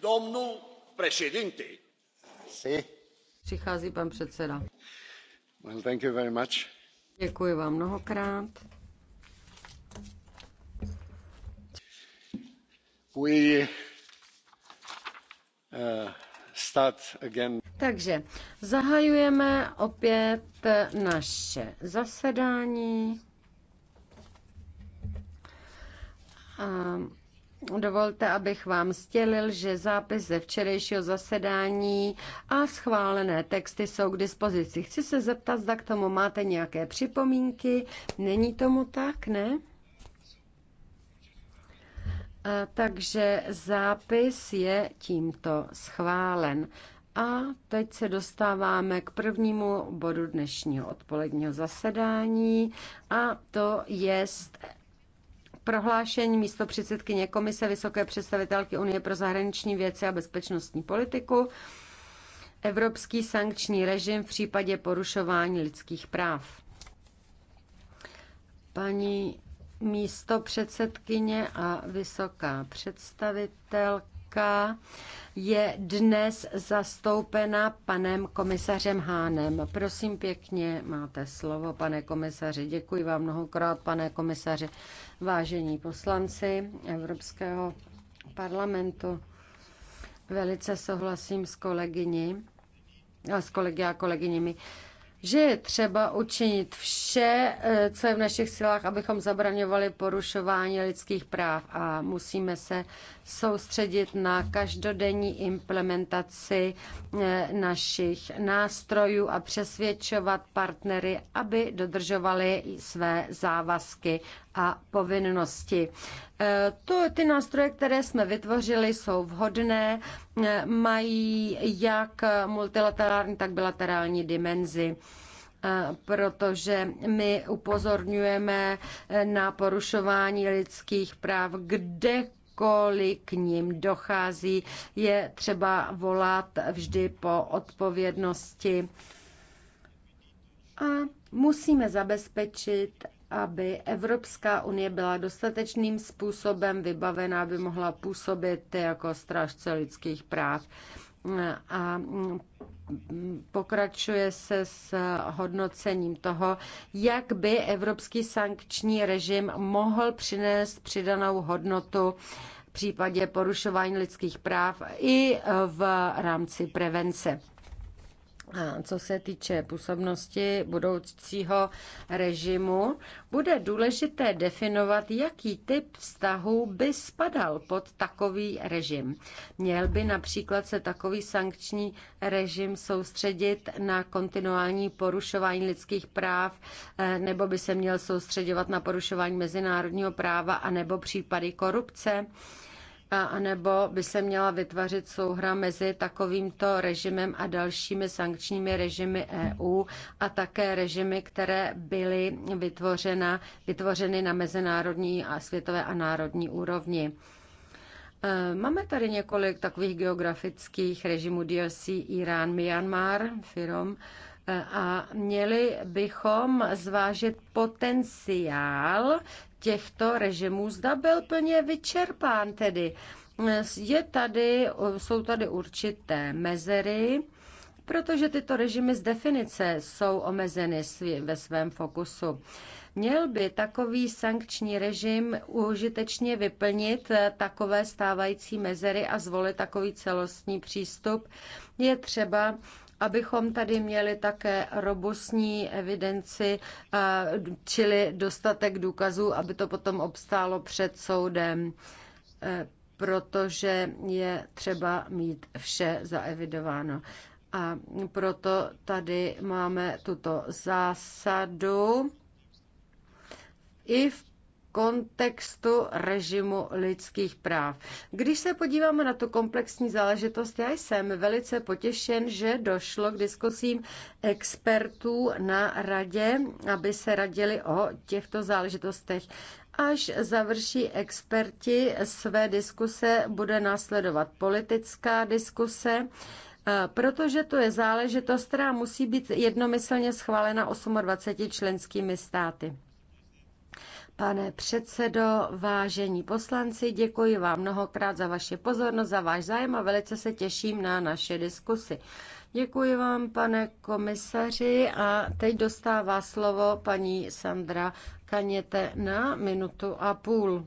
Domnul președinte. Sí. Přichází pan předseda. Well, thank you very much. Děkuji vám mnohokrát. Eh, takže zahajujeme opět naše zasedání. A dovolte, abych vám sdělil, že zápis ze včerejšího zasedání a schválené texty jsou k dispozici. Chci se zeptat, zda k tomu máte nějaké připomínky. Není tomu tak, ne? Eh, takže zápis je tímto schválen. A teď se dostáváme k prvnímu bodu dnešního odpoledního zasedání a to je prohlášení místo předsedkyně Komise Vysoké představitelky Unie pro zahraniční věci a bezpečnostní politiku Evropský sankční režim v případě porušování lidských práv. Paní místo předsedkyně a vysoká představitelka je dnes zastoupena panem komisařem Hánem. Prosím pěkně, máte slovo, pane komisaři. Děkuji vám mnohokrát, pane komisaři. Vážení poslanci Evropského parlamentu, velice souhlasím s kolegyni a s kolegy a kolegyněmi že je třeba učinit vše, eh, co je v našich silách, abychom zabraňovali porušování lidských práv a musíme se soustředit na každodenní implementaci eh, našich nástrojů a přesvědčovat partnery, aby dodržovali své závazky a povinnosti. E, to, ty nástroje, které jsme vytvořili, jsou vhodné, e, mají jak multilaterální, tak bilaterální dimenzi e, protože my upozorňujeme na porušování lidských práv kdekoliv k ním dochází, je třeba volat vždy po odpovědnosti. A musíme zabezpečit, aby Evropská unie byla dostatečným způsobem vybavená, aby mohla působit jako strážce lidských práv. A pokračuje se s hodnocením toho, jak by evropský sankční režim mohl přinést přidanou hodnotu v případě porušování lidských práv i v rámci prevence. A co se týče působnosti budoucího režimu, bude důležité definovat, jaký typ vztahu by spadal pod takový režim. Měl by například se takový sankční režim soustředit na kontinuální porušování lidských práv, eh, nebo by se měl soustředovat na porušování mezinárodního práva, anebo případy korupce a nebo by se měla vytvořit souhra mezi takovýmto režimem a dalšími sankčními režimy EU a také režimy, které byly vytvořena, vytvořeny na mezinárodní a světové a národní úrovni. E, máme tady několik takových geografických režimů DLC Irán, Myanmar, Firom, a měli bychom zvážit potenciál těchto režimů, zda byl plně vyčerpán tedy. Je tady, jsou tady určité mezery, protože tyto režimy z definice jsou omezeny ve svém fokusu. Měl by takový sankční režim užitečně vyplnit takové stávající mezery a zvolit takový celostní přístup. Je třeba abychom tady měli také robustní evidenci, čili dostatek důkazů, aby to potom obstálo před soudem, e, protože je třeba mít vše zaevidováno. A proto tady máme tuto zásadu i v kontextu režimu lidských práv. Když se podíváme na tu komplexní záležitost, já jsem velice potěšen, že došlo k diskusím expertů na radě, aby se radili o těchto záležitostech. Až završí experti své diskuse, bude následovat politická diskuse protože to je záležitost, která musí být jednomyslně schválena 28 členskými státy. Pane předsedo, vážení poslanci, děkuji vám mnohokrát za vaši pozornost, za váš zájem a velice se těším na naše diskusy. Děkuji vám, pane komisaři, a teď dostává slovo paní Sandra Kaněte na minutu a půl.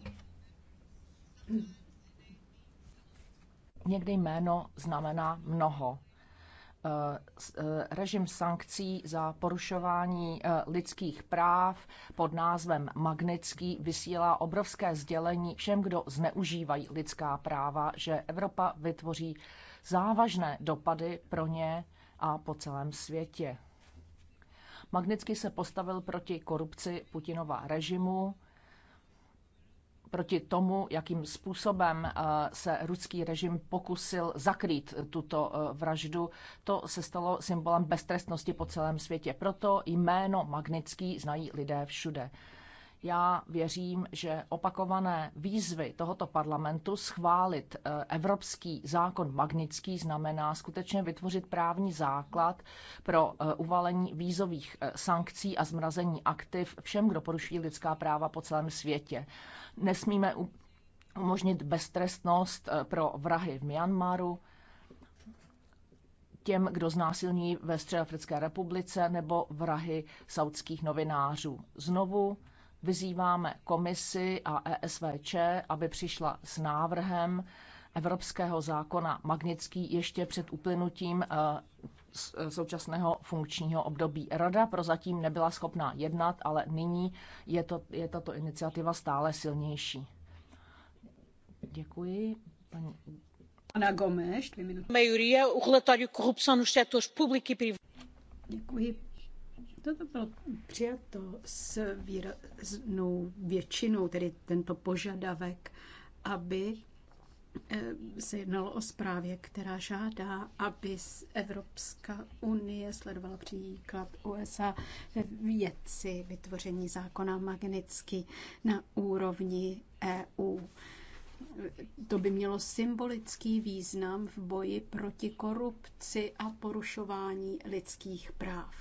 Někdy jméno znamená mnoho. Eh, režim sankcí za porušování eh, lidských práv pod názvem Magnický vysílá obrovské sdělení všem, kdo zneužívají lidská práva, že Evropa vytvoří závažné dopady pro ně a po celém světě. Magnický se postavil proti korupci Putinova režimu, proti tomu, jakým způsobem eh, se ruský režim pokusil zakrýt tuto eh, vraždu. To se stalo symbolem beztrestnosti po celém světě. Proto jméno Magnický znají lidé všude. Já věřím, že opakované výzvy tohoto parlamentu schválit eh, evropský zákon Magnický znamená skutečně vytvořit právní základ pro uvalení vízových sankcí a zmrazení aktiv všem, kdo poruší lidská práva po celém světě. Nesmíme umožnit beztrestnost eh, pro vrahy v Myanmaru, těm, kdo znásilní ve Středoafrické republice nebo vrahy saudských novinářů. Znovu vyzýváme komisi a ESVČ, aby přišla s návrhem evropského zákona Magnický ještě před uplynutím eh, Eh, současného funkčního období. Rada prozatím nebyla schopná jednat, ale nyní je, to, je tato iniciativa stále silnější. Děkuji. Paní... Ana Gomes, dvě minuty. Majoria, o relatório corrupção nos setores público e privado. Děkuji. Toto bylo přijato s výraznou většinou, tedy tento požadavek, aby Eh, se jednalo o zprávě, která žádá, aby Evropská unie sledovala příklad USA ve věci vytvoření zákona magneticky na úrovni EU. To by mělo symbolický význam v boji proti korupci a porušování lidských práv.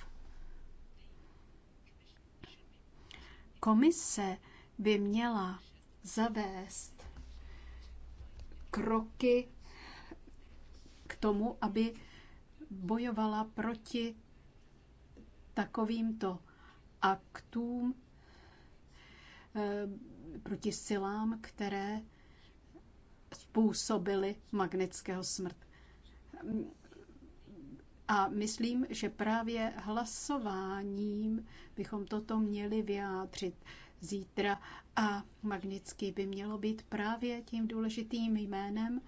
Komise by měla zavést kroky k tomu, aby bojovala proti takovýmto aktům, eh, proti silám, které způsobily magnetického smrt. A myslím, že právě hlasováním bychom toto měli vyjádřit zítra. A Magnický by mělo být právě tím důležitým jménem,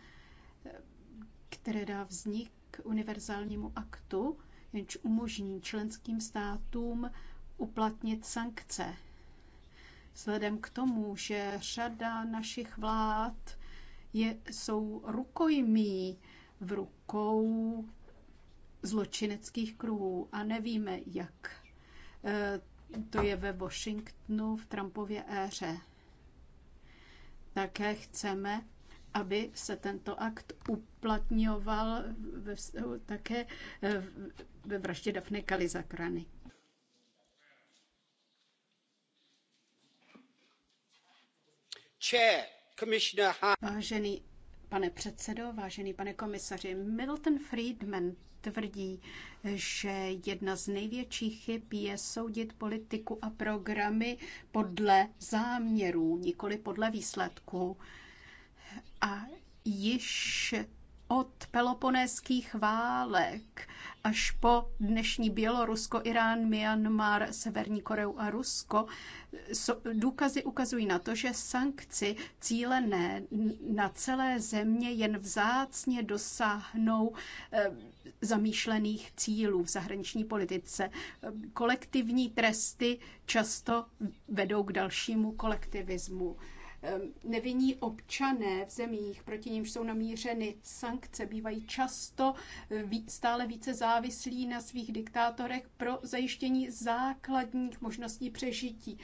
které dá vznik k univerzálnímu aktu, jenž umožní členským státům uplatnit sankce. Vzhledem k tomu, že řada našich vlád je, jsou rukojmí v rukou zločineckých kruhů a nevíme, jak eh, to je ve Washingtonu v Trumpově éře. Také chceme, aby se tento akt uplatňoval ve, také eh, ve vraždě Dafne Kalizakrany. Vážený Pane předsedo, vážený pane komisaři, Milton Friedman tvrdí, že jedna z největších chyb je soudit politiku a programy podle záměrů, nikoli podle výsledků. A již od peloponéských válek až po dnešní Bělorusko, Irán, Myanmar, Severní Koreu a Rusko, důkazy ukazují na to, že sankci cílené na celé země jen vzácně dosáhnou eh, zamýšlených cílů v zahraniční politice. Kolektivní tresty často vedou k dalšímu kolektivismu. Ehm, nevinní občané v zemích, proti nímž jsou namířeny sankce, bývají často eh, stále více závislí na svých diktátorech pro zajištění základních možností přežití.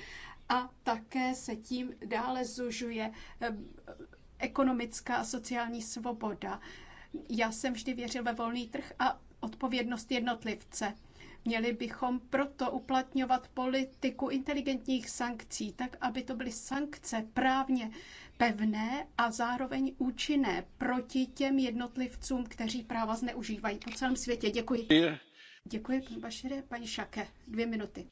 A také se tím dále zužuje ehm, ekonomická a sociální svoboda. Já jsem vždy věřil ve volný trh a odpovědnost jednotlivce. Měli bychom proto uplatňovat politiku inteligentních sankcí, tak aby to byly sankce právně pevné a zároveň účinné proti těm jednotlivcům, kteří práva zneužívají po celém světě. Děkuji. Děkuji, pan Bašire. Paní Šake, dvě minuty.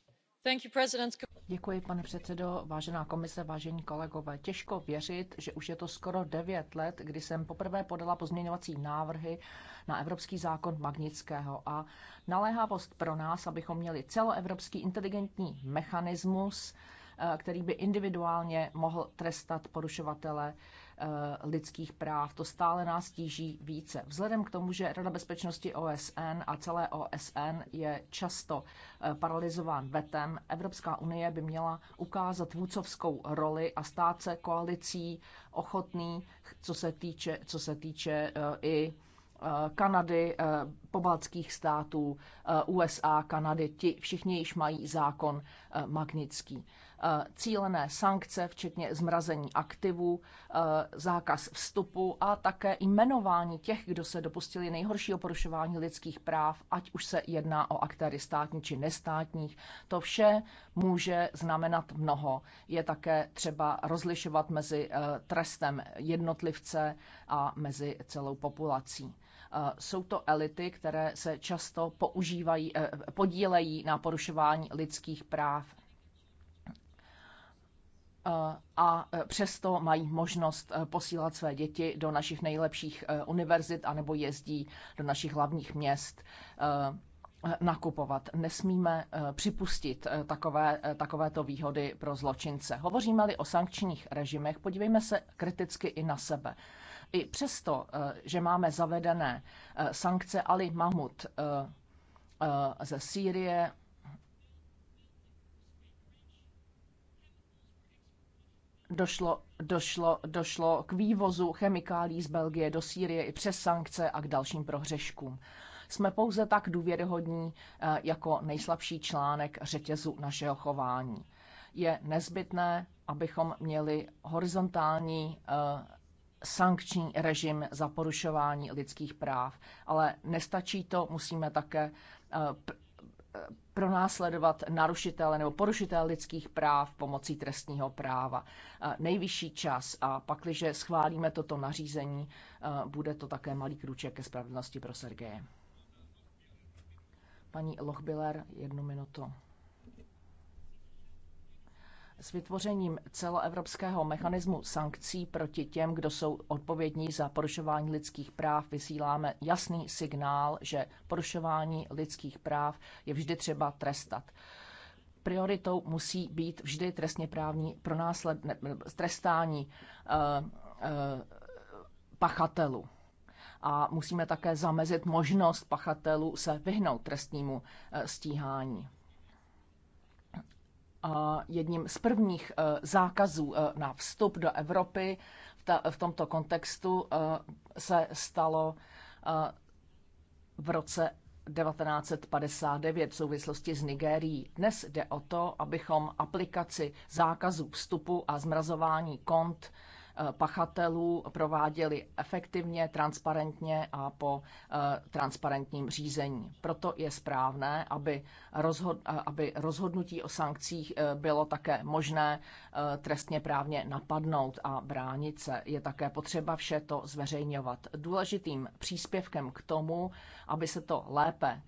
Děkuji, pane předsedo, vážená komise, vážení kolegové. Těžko věřit, že už je to skoro devět let, kdy jsem poprvé podala pozměňovací návrhy na evropský zákon Magnického a naléhavost pro nás, abychom měli celoevropský inteligentní mechanismus, eh, který by individuálně mohl trestat porušovatele eh, lidských práv. To stále nás tíží více. Vzhledem k tomu, že Rada bezpečnosti OSN a celé OSN je často eh, paralizován vetem, Evropská unie by měla ukázat vůcovskou roli a stát se koalicí ochotný, co se týče, co se týče i Eh, Kanady, eh, pobaltských států, eh, USA, Kanady, ti všichni již mají zákon magnický. Cílené sankce, včetně zmrazení aktivů, zákaz vstupu a také jmenování těch, kdo se dopustili nejhoršího porušování lidských práv, ať už se jedná o aktéry státní či nestátních, to vše může znamenat mnoho. Je také třeba rozlišovat mezi trestem jednotlivce a mezi celou populací. Eh, jsou to elity, které se často používají, eh, podílejí na porušování lidských práv eh, a přesto mají možnost posílat své děti do našich nejlepších univerzit anebo jezdí do našich hlavních měst nakupovat. Nesmíme připustit takové, takovéto výhody pro zločince. Hovoříme-li o sankčních režimech, podívejme se kriticky i na sebe. I přesto, eh, že máme zavedené eh, sankce Ali Mahmud eh, ze Sýrie, došlo, došlo, došlo k vývozu chemikálí z Belgie do Sýrie i přes sankce a k dalším prohřeškům. Jsme pouze tak důvěryhodní jako nejslabší článek řetězu našeho chování. Je nezbytné, abychom měli horizontální sankční režim za porušování lidských práv. Ale nestačí to, musíme také eh, eh, pronásledovat narušitele nebo porušitele lidských práv pomocí trestního práva. Eh, nejvyšší čas a pak, když schválíme toto nařízení, bude to také malý kruček ke spravedlnosti pro Sergeje. Paní Lochbiller, jednu minutu s vytvořením celoevropského mechanismu sankcí proti těm, kdo jsou odpovědní za porušování lidských práv, vysíláme jasný signál, že porušování lidských práv je vždy třeba trestat. Prioritou musí být vždy trestně právní pro následné trestání uh, uh, pachatelů. A musíme také zamezit možnost pachatelů se vyhnout trestnímu eh, stíhání jedním z prvních e, zákazů e, na vstup do Evropy v tomto kontextu e, se stalo v roce 1959 v souvislosti s Nigérií. Dnes jde o to, abychom aplikaci zákazu vstupu a zmrazování kont pachatelů prováděly efektivně, transparentně a po eh, transparentním řízení. Proto je správné, aby, rozhod, aby rozhodnutí o sankcích eh, bylo také možné eh, trestně právně napadnout a bránit se. Je také potřeba vše to zveřejňovat. Důležitým příspěvkem k tomu, aby se to lépe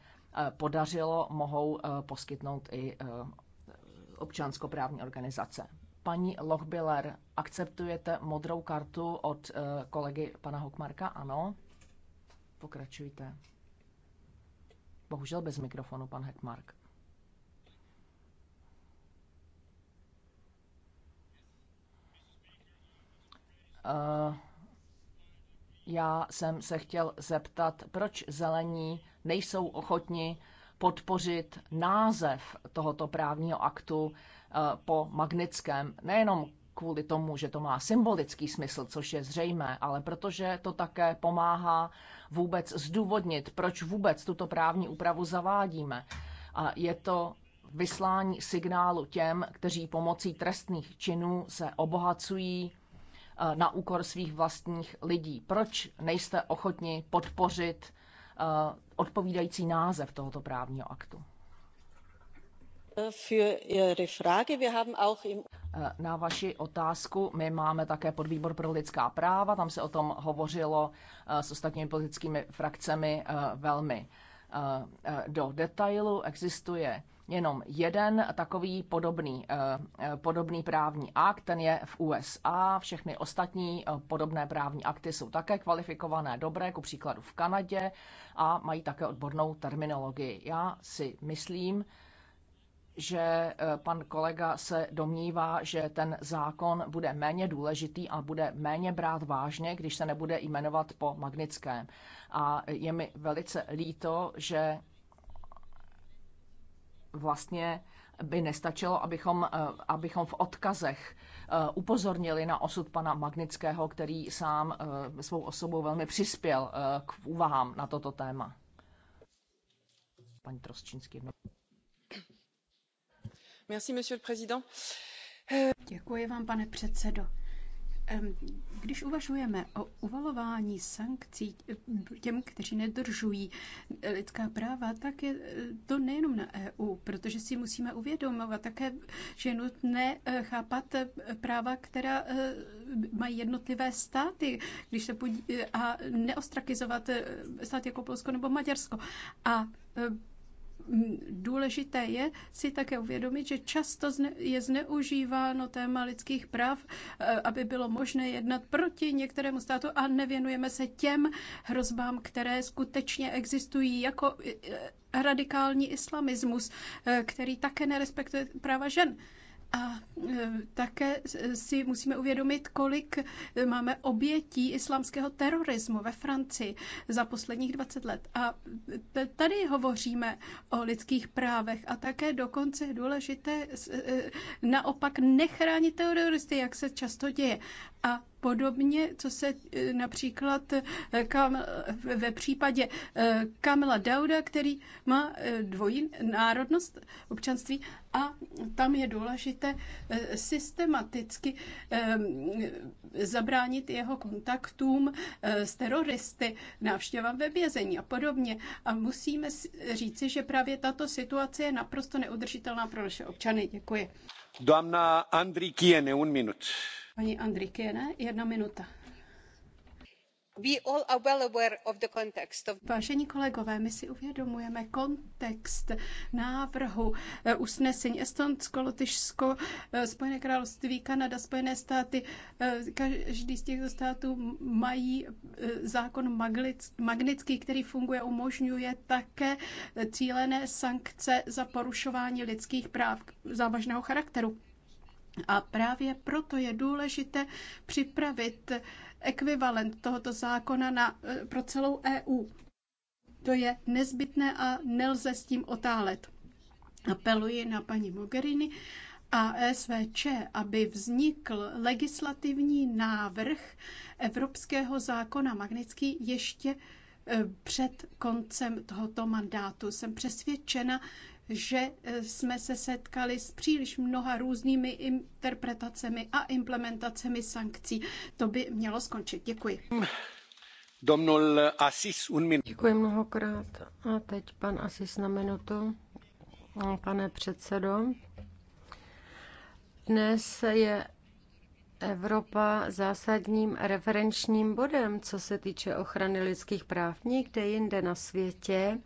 podařilo, mohou poskytnout i občanskoprávní organizace. Paní Lochbiller, akceptujete modrou kartu od eh, kolegy pana Hokmarka? Ano. Pokračujte. Bohužel bez mikrofonu, pan Hekmark. Uh, eh, já jsem se chtěl zeptat, proč zelení nejsou ochotni podpořit název tohoto právního aktu, Eh, po Magnickém. Nejenom kvůli tomu, že to má symbolický smysl, což je zřejmé, ale protože to také pomáhá vůbec zdůvodnit, proč vůbec tuto právní úpravu zavádíme. A je to vyslání signálu těm, kteří pomocí trestných činů se obohacují eh, na úkor svých vlastních lidí. Proč nejste ochotni podpořit eh, odpovídající název tohoto právního aktu? Eh, na vaši otázku, my máme také podvýbor pro lidská práva, tam se o tom hovořilo eh, s ostatními politickými frakcemi eh, velmi do detailu. Existuje jenom jeden takový podobný, podobný právní akt, ten je v USA. Všechny ostatní podobné právní akty jsou také kvalifikované, dobré, ku příkladu v Kanadě a mají také odbornou terminologii. Já si myslím, že eh, pan kolega se domnívá, že ten zákon bude méně důležitý a bude méně brát vážně, když se nebude jmenovat po Magnickém. A je mi velice líto, že vlastně by nestačilo, abychom, eh, abychom v odkazech eh, upozornili na osud pana Magnického, který sám svou osobou velmi přispěl k úvahám na toto téma. Paní Trosčínský. Děkuji vám, pane předsedající Když uvažujeme o uvalování sankcí eh, těm, kteří nedodržují eh, lidská práva, tak je eh, to nejenom na EU, protože si musíme uvědomovat také, že je nutné chápat práva, která mají jednotlivé státy když se podí- a neostrakizovat stát jako Polsko nebo Maďarsko. A důležité je si také uvědomit, že často je zneužíváno téma lidských práv, eh, aby bylo možné jednat proti některému státu a nevěnujeme se těm hrozbám, které skutečně existují, jako eh, eh, radikální islamismus, který také nerespektuje práva žen. A e, také si musíme uvědomit, kolik e, máme obětí islámského terorismu ve Francii za posledních 20 let. A tady hovoříme o lidských právech a také dokonce je důležité e, naopak nechránit teroristy, jak se často děje. A Podobně, co se e, například e, kam, ve případě e, Kamila Dauda, který má dvojí národnost občanství a tam je důležité systematicky zabránit jeho kontaktům s teroristy, návštěvám ve vězení a podobně. A musíme říci, že právě tato situace je naprosto neudržitelná pro naše občany. Děkuji. Doamna Andrikiene, un minut Paní Andrikiene, jedna minuta. We all are well aware of the context of... Vážení kolegové, my si uvědomujeme kontext návrhu eh, usnesení Estonsko, Lotyšsko, eh, Spojené království, Kanada, Spojené státy. Eh, každý z těchto států mají zákon magnický, který funguje, umožňuje také cílené sankce za porušování lidských práv závažného charakteru. A právě proto je důležité připravit ekvivalent tohoto zákona na, e, pro celou EU. To je nezbytné a nelze s tím otálet. Apeluji na paní Mogherini a SVČ, aby vznikl legislativní návrh Evropského zákona magnický ještě e, před koncem tohoto mandátu. Jsem přesvědčena, že eh, jsme se setkali s příliš mnoha různými interpretacemi a implementacemi sankcí. To by mělo skončit. Děkuji. Domnul Asis, un Děkuji mnohokrát. A teď pan Asis na minutu. Pane předsedo, dnes je Evropa zásadním referenčním bodem, co se týče ochrany lidských práv. Nikde jinde na světě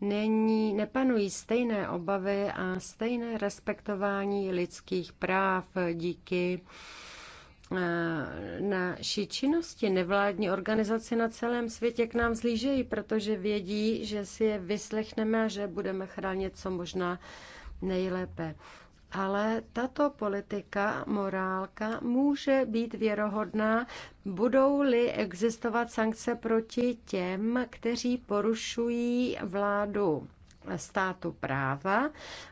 není, nepanují stejné obavy a stejné respektování lidských práv díky eh, naší činnosti. Nevládní organizace na celém světě k nám zlížejí, protože vědí, že si je vyslechneme a že budeme chránit co možná nejlépe ale tato politika, morálka může být věrohodná, budou-li existovat sankce proti těm, kteří porušují vládu státu práva,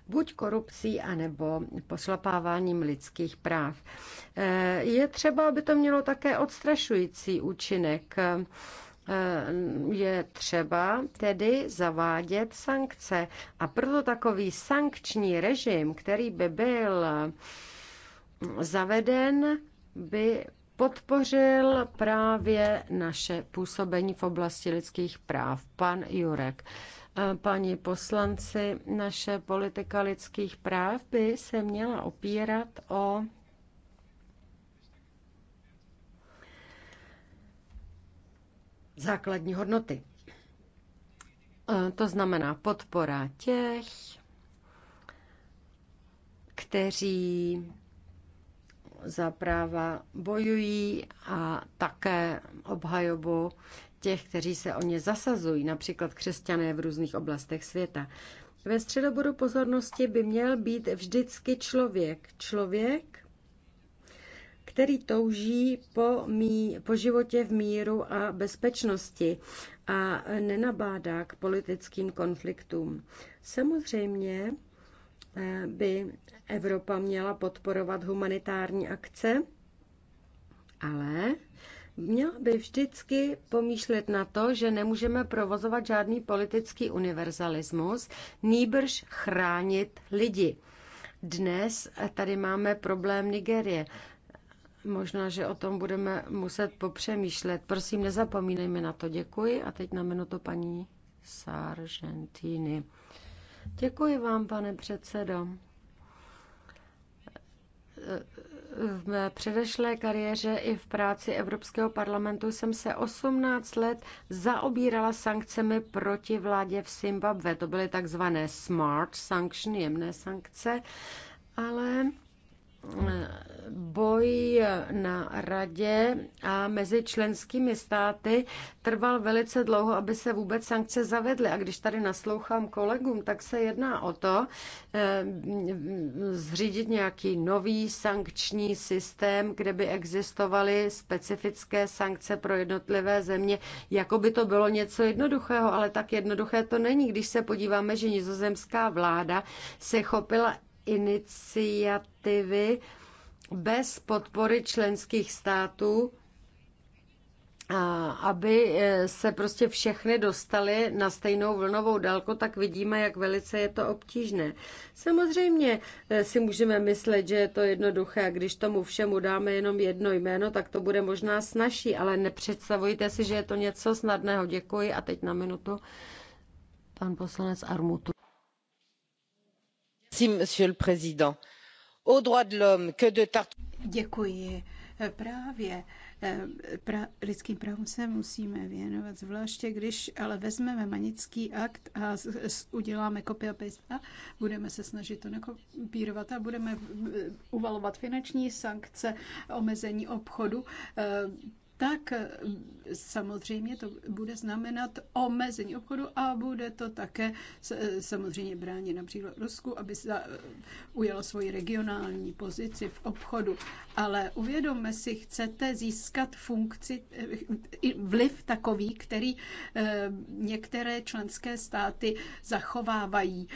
buď korupcí, anebo poslapáváním lidských práv. Je třeba, aby to mělo také odstrašující účinek. Eh, je třeba tedy zavádět sankce. A proto takový sankční režim, který by byl zaveden, by podpořil právě naše působení v oblasti lidských práv. Pan Jurek, eh, paní poslanci, naše politika lidských práv by se měla opírat o základní hodnoty. E, to znamená podpora těch, kteří za práva bojují a také obhajobu těch, kteří se o ně zasazují, například křesťané v různých oblastech světa. Ve středobodu pozornosti by měl být vždycky člověk. Člověk, který touží po, mí, po životě v míru a bezpečnosti a nenabádá k politickým konfliktům. Samozřejmě eh, by Evropa měla podporovat humanitární akce, ale měla by vždycky pomýšlet na to, že nemůžeme provozovat žádný politický univerzalismus, nýbrž chránit lidi. Dnes tady máme problém Nigerie. Možná, že o tom budeme muset popřemýšlet. Prosím, nezapomínejme na to. Děkuji. A teď na minutu paní Sargentini. Děkuji vám, pane předsedo. V mé předešlé kariéře i v práci Evropského parlamentu jsem se 18 let zaobírala sankcemi proti vládě v Zimbabwe. To byly takzvané smart sankce, jemné sankce, ale boj na radě a mezi členskými státy trval velice dlouho, aby se vůbec sankce zavedly. A když tady naslouchám kolegům, tak se jedná o to eh, zřídit nějaký nový sankční systém, kde by existovaly specifické sankce pro jednotlivé země. Jako by to bylo něco jednoduchého, ale tak jednoduché to není. Když se podíváme, že nizozemská vláda se chopila iniciativy bez podpory členských států, aby e, se prostě všechny dostaly na stejnou vlnovou dálku, tak vidíme, jak velice je to obtížné. Samozřejmě e, si můžeme myslet, že je to jednoduché, a když tomu všemu dáme jenom jedno jméno, tak to bude možná snažší, ale nepředstavujte si, že je to něco snadného. Děkuji a teď na minutu pan poslanec Armutu. Děkuji. Právě eh, lidským právům se musíme věnovat, zvláště když ale vezmeme manický akt a uděláme copy a paste a budeme se snažit to nekopírovat a budeme eh, uvalovat finanční sankce, omezení obchodu. Eh, tak eh, samozřejmě to bude znamenat omezení obchodu a bude to také eh, samozřejmě bránit například Rusku, aby eh, ujalo svoji regionální pozici v obchodu. Ale uvědomme si, chcete získat funkci, vliv takový, který některé členské státy zachovávají.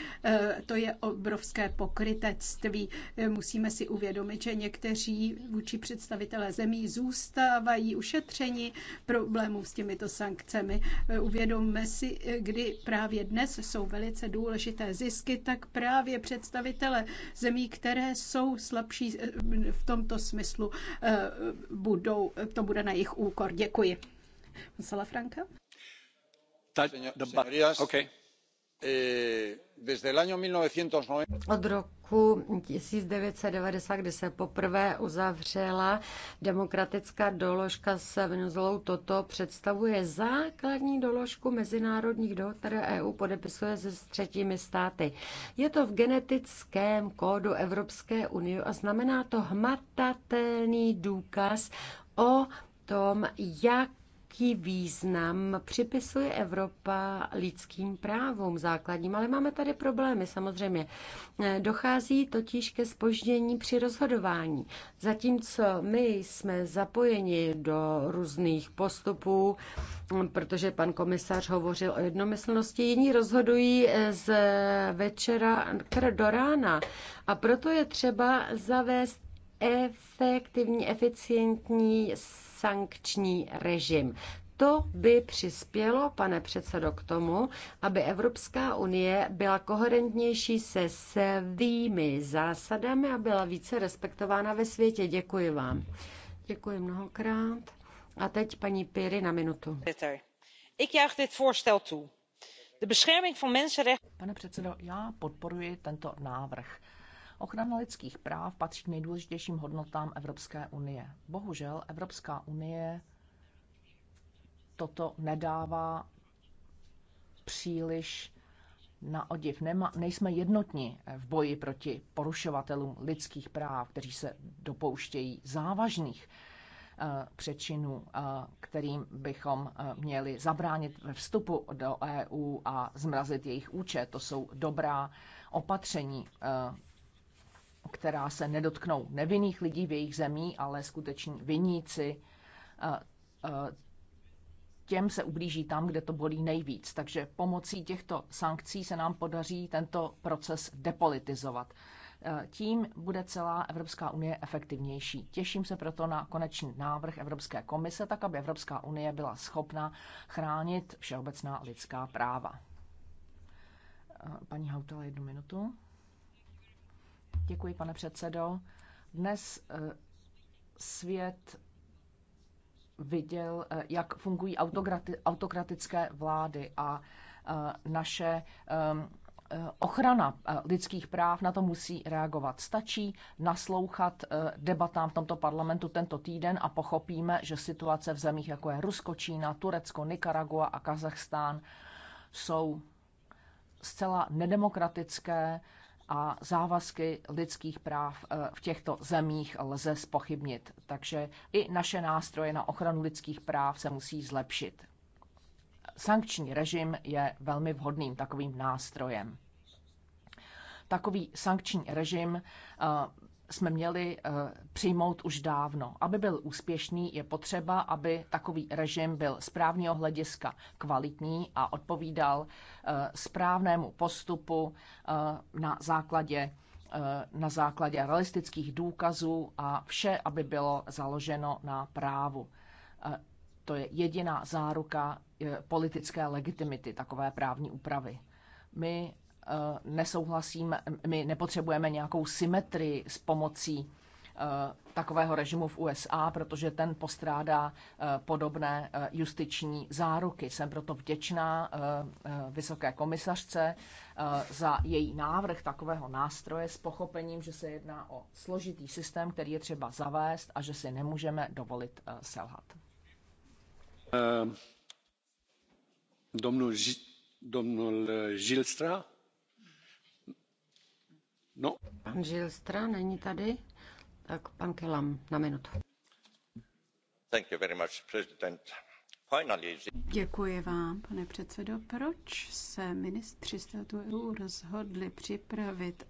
To je obrovské pokrytectví. Musíme si uvědomit, že někteří vůči představitelé zemí zůstávají ušetření ošetření problémů s těmito sankcemi. E, uvědomme si, e, kdy právě dnes jsou velice důležité zisky, tak právě představitele zemí, které jsou slabší e, v tomto smyslu, budou, to bude na jejich úkor. Děkuji. Musela Franka? Tak, okay. Eh, Od roku 1990, kdy se poprvé uzavřela demokratická doložka s Venezuelou, toto představuje základní doložku mezinárodních dohod, které EU podepisuje se třetími státy. Je to v genetickém kódu Evropské unie a znamená to hmatatelný důkaz o tom, jak jaký význam připisuje Evropa lidským právům základním, ale máme tady problémy samozřejmě. Eh, dochází totiž ke spoždění při rozhodování. Zatímco my jsme zapojeni do různých postupů, hm, protože pan komisař hovořil o jednomyslnosti, jiní rozhodují eh, z večera do rána. A proto je třeba zavést efektivní, eficientní sankční režim. To by přispělo, pane předsedo, k tomu, aby Evropská unie byla koherentnější se svými zásadami a byla více respektována ve světě. Děkuji vám. Děkuji mnohokrát. A teď paní Piry na minutu. Pane předsedo, já podporuji tento návrh Ochrana lidských práv patří k nejdůležitějším hodnotám Evropské unie. Bohužel Evropská unie toto nedává příliš na odiv. Nema, nejsme jednotní v boji proti porušovatelům lidských práv, kteří se dopouštějí závažných eh, přečinu, eh, kterým bychom eh, měli zabránit ve vstupu do EU a zmrazit jejich účet. To jsou dobrá opatření, která se nedotknou nevinných lidí v jejich zemí, ale skuteční viníci, eh, eh, těm se ublíží tam, kde to bolí nejvíc. Takže pomocí těchto sankcí se nám podaří tento proces depolitizovat. Eh, tím bude celá Evropská unie efektivnější. Těším se proto na konečný návrh Evropské komise, tak aby Evropská unie byla schopna chránit všeobecná lidská práva. Paní Hautala, jednu minutu. Děkuji, pane předsedo. Dnes eh, svět viděl, eh, jak fungují autokratické vlády a eh, naše ehm, ochrana lidských práv na to musí reagovat. Stačí naslouchat debatám v tomto parlamentu tento týden a pochopíme, že situace v zemích jako je Rusko, Čína, Turecko, Nikaragua a Kazachstán jsou zcela nedemokratické, a závazky lidských práv eh, v těchto zemích lze spochybnit. Takže i naše nástroje na ochranu lidských práv se musí zlepšit. Sankční režim je velmi vhodným takovým nástrojem. Takový sankční režim eh, jsme měli eh, přijmout už dávno. Aby byl úspěšný, je potřeba, aby takový režim byl z právního hlediska kvalitní a odpovídal eh, správnému postupu eh, na základě na základě realistických důkazů a vše, aby bylo založeno na právu. To je jediná záruka politické legitimity takové právní úpravy. My Eh, nesouhlasím, my nepotřebujeme nějakou symetrii s pomocí eh, takového režimu v USA, protože ten postrádá eh, podobné justiční záruky. Jsem proto vděčná vysoké komisařce za její návrh takového nástroje s pochopením, že se jedná o složitý systém, který je třeba zavést a že si nemůžeme dovolit selhat. Domnul, domnul Žilstra. No. Pan Žilstra není tady, tak pan Kelam na minutu. Thank you very much, President. Děkuji vám, pane předsedo. Proč se ministři státu EU rozhodli připravit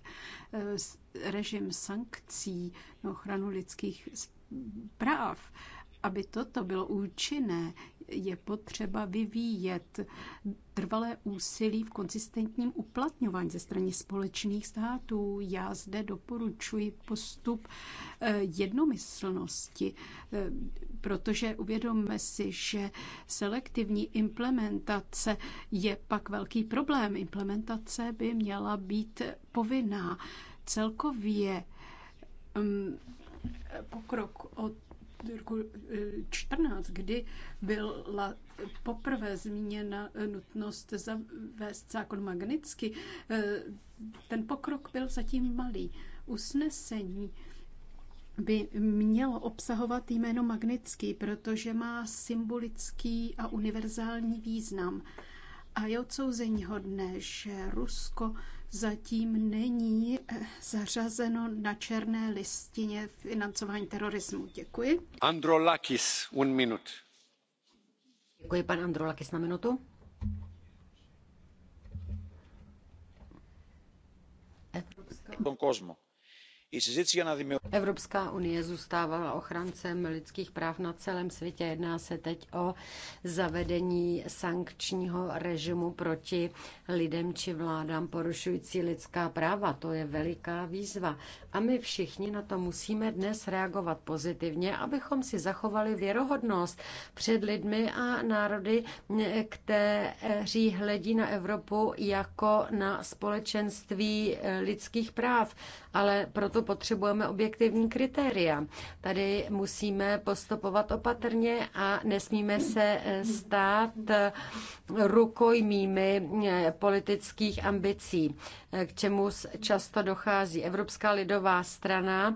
eh, režim sankcí na ochranu lidských práv? Aby toto bylo účinné, je potřeba vyvíjet trvalé úsilí v konzistentním uplatňování ze strany společných států. Já zde doporučuji postup eh, jednomyslnosti, eh, protože uvědomme si, že selektivní implementace je pak velký problém. Implementace by měla být povinná. Celkově mm, pokrok od roku 14, eh, kdy byla poprvé zmíněna eh, nutnost zavést zákon Magnitsky, eh, ten pokrok byl zatím malý. Usnesení by mělo obsahovat jméno Magnitsky, protože má symbolický a univerzální význam. A je odsouzení hodné, že Rusko zatím není eh, zařazeno na černé listině financování terorismu. Děkuji. Androlakis, un minut. Děkuji, pan Androlakis, na minutu. Evropská... Evropská unie zůstávala ochrancem lidských práv na celém světě. Jedná se teď o zavedení sankčního režimu proti lidem či vládám porušující lidská práva. To je veliká výzva. A my všichni na to musíme dnes reagovat pozitivně, abychom si zachovali věrohodnost před lidmi a národy, kteří hledí na Evropu jako na společenství lidských práv ale proto potřebujeme objektivní kritéria. Tady musíme postupovat opatrně a nesmíme se eh, stát eh, rukojmími eh, politických ambicí, k čemu často dochází. Evropská lidová strana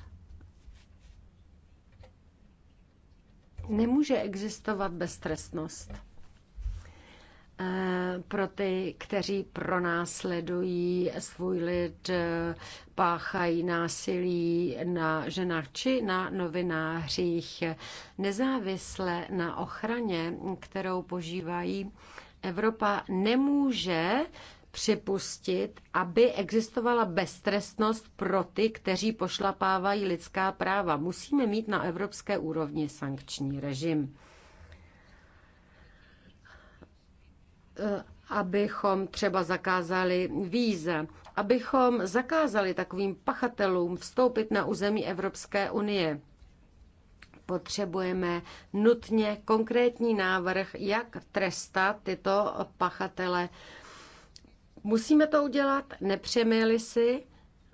Nemůže existovat beztrestnost eh, pro ty, kteří pronásledují svůj lid, eh, páchají násilí na ženách či na novinářích, nezávisle na ochraně, kterou požívají. Evropa nemůže připustit, aby existovala beztrestnost pro ty, kteří pošlapávají lidská práva. Musíme mít na evropské úrovni sankční režim. Eh, abychom třeba zakázali víze, abychom zakázali takovým pachatelům vstoupit na území Evropské unie potřebujeme nutně konkrétní návrh, jak trestat tyto pachatele Musíme to udělat, nepřemýli si,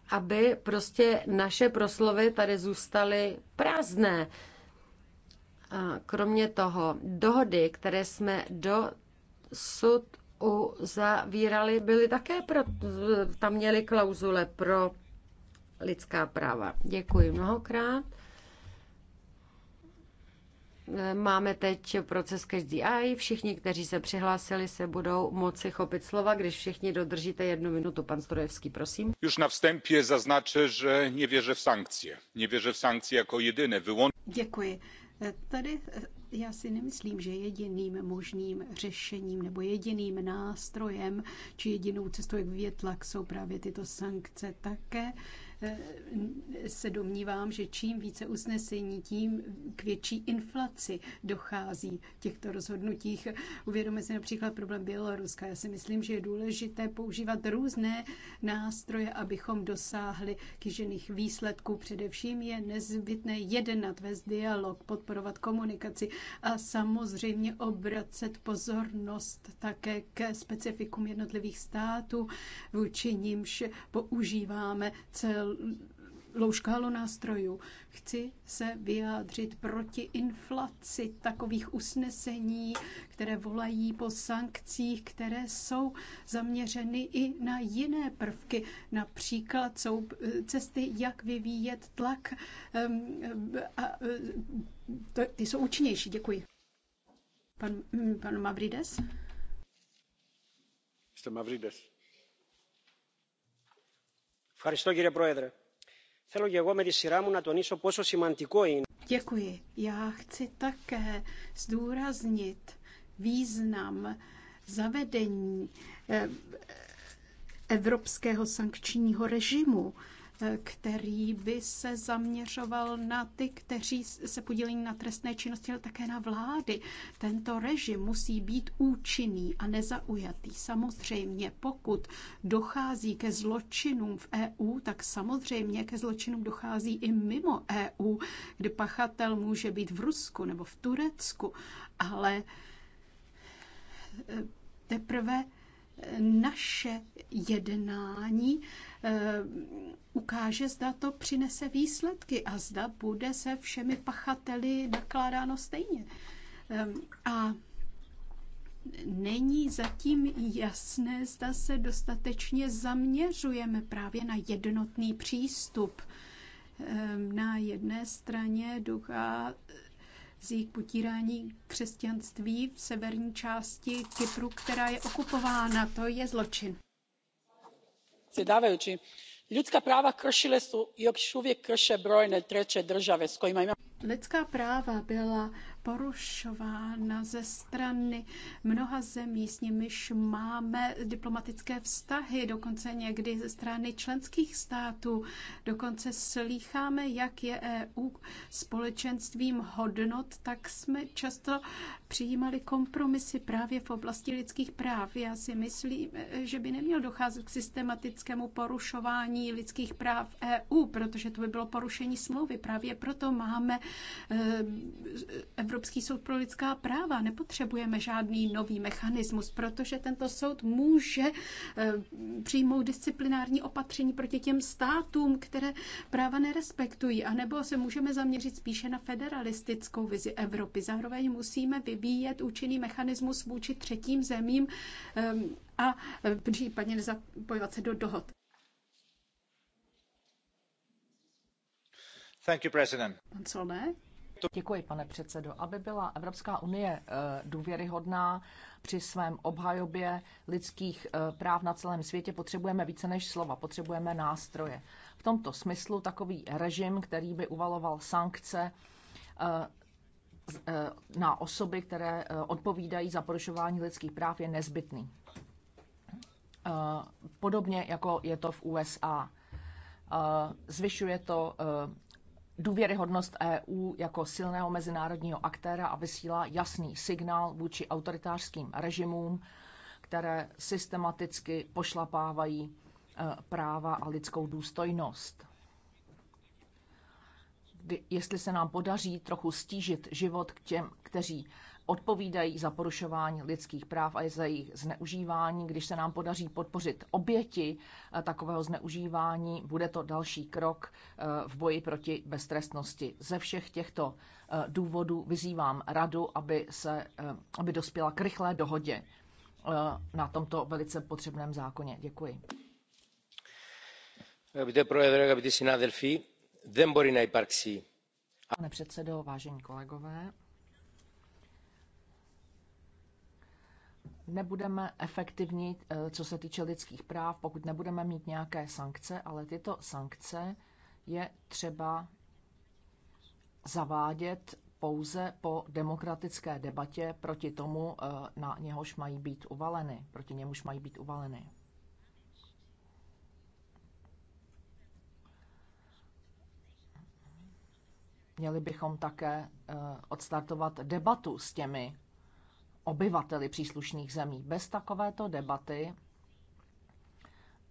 aby prostě naše proslovy tady zůstaly prázdné. A kromě toho, dohody, které jsme do sud uzavírali, byly také pro, tam měly klauzule pro lidská práva. Děkuji mnohokrát. Máme teď proces každý AI. Všichni, kteří se přihlásili, se budou moci chopit slova, když všichni dodržíte jednu minutu. Pan Strojevský, prosím. Už na vstępie zaznačę, že nevěře v sankcie. Nevěře v sankcie jako jediné. Vyvon... Děkuji. Tady já si nemyslím, že jediným možným řešením nebo jediným nástrojem či jedinou cestou, jak vyjet tlak, jsou právě tyto sankce. Také Eh, se domnívám, že čím více usnesení, tím k větší inflaci dochází v těchto rozhodnutích. Uvědomíme si například problém Běloruska. Já si myslím, že je důležité používat různé nástroje, abychom dosáhli kýžených výsledků. Především je nezbytné jednat, vést dialog, podporovat komunikaci a samozřejmě obracet pozornost také ke specifikům jednotlivých států, vůči nímž používáme celou louška nástrojů. Chci se vyjádřit proti inflaci takových usnesení, které volají po sankcích, které jsou zaměřeny i na jiné prvky. Například jsou eh, cesty, jak vyvíjet tlak. A eh, ty jsou účinnější. Děkuji. Pan, mm, pan Mavrides? Jste Mavrides pane já chci také zdůraznit význam zavedení eh, evropského sankčního režimu který by se zaměřoval na ty, kteří se podílí na trestné činnosti, ale také na vlády. Tento režim musí být účinný a nezaujatý. Samozřejmě, pokud dochází ke zločinům v EU, tak samozřejmě ke zločinům dochází i mimo EU, kdy pachatel může být v Rusku nebo v Turecku, ale eh, teprve eh, naše jednání Eh, ukáže, zda to přinese výsledky a zda bude se všemi pachateli nakládáno stejně. A není zatím jasné, zda se dostatečně zaměřujeme právě na jednotný přístup. Na jedné straně ducha zík potírání křesťanství v severní části Kypru, která je okupována. To je zločin predsjedavajući ljudska prava kršile su i još uvijek krše brojne treće države s kojima imamo porušována ze strany mnoha zemí, s nimiž máme diplomatické vztahy, dokonce někdy ze strany členských států. Dokonce slýcháme, jak je EU společenstvím hodnot, tak jsme často přijímali kompromisy právě v oblasti lidských práv. Já si myslím, že by neměl docházet k systematickému porušování lidských práv EU, protože to by bylo porušení smlouvy. Právě proto máme evropskou eh, Evropský soud pro lidská práva. Nepotřebujeme žádný nový mechanismus, protože tento soud může eh, přijmout disciplinární opatření proti těm státům, které práva nerespektují. A nebo se můžeme zaměřit spíše na federalistickou vizi Evropy. Zároveň musíme vyvíjet účinný mechanismus vůči třetím zemím eh, a eh, případně nezapojovat se do dohod. Thank you, President. Děkuji, pane předsedo. Aby byla Evropská unie eh, důvěryhodná při svém obhajobě lidských eh, práv na celém světě, potřebujeme více než slova, potřebujeme nástroje. V tomto smyslu takový režim, který by uvaloval sankce, eh, na osoby, které odpovídají za porušování lidských práv, je nezbytný. Podobně jako je to v USA. Zvyšuje to důvěryhodnost EU jako silného mezinárodního aktéra a vysílá jasný signál vůči autoritářským režimům, které systematicky pošlapávají e, práva a lidskou důstojnost. Jestli se nám podaří trochu stížit život k těm, kteří odpovídají za porušování lidských práv a za jejich zneužívání. Když se nám podaří podpořit oběti eh, takového zneužívání, bude to další krok eh, v boji proti beztrestnosti. Ze všech těchto eh, důvodů vyzývám radu, aby, se, aby dospěla k rychlé dohodě na tomto velice potřebném zákoně. Děkuji. Pane předsedo, vážení kolegové, nebudeme efektivní, eh, co se týče lidských práv, pokud nebudeme mít nějaké sankce, ale tyto sankce je třeba zavádět pouze po demokratické debatě proti tomu, eh, na něhož mají být uvaleny, proti němuž mají být uvaleny. Měli bychom také eh, odstartovat debatu s těmi, obyvateli příslušných zemí. Bez takovéto debaty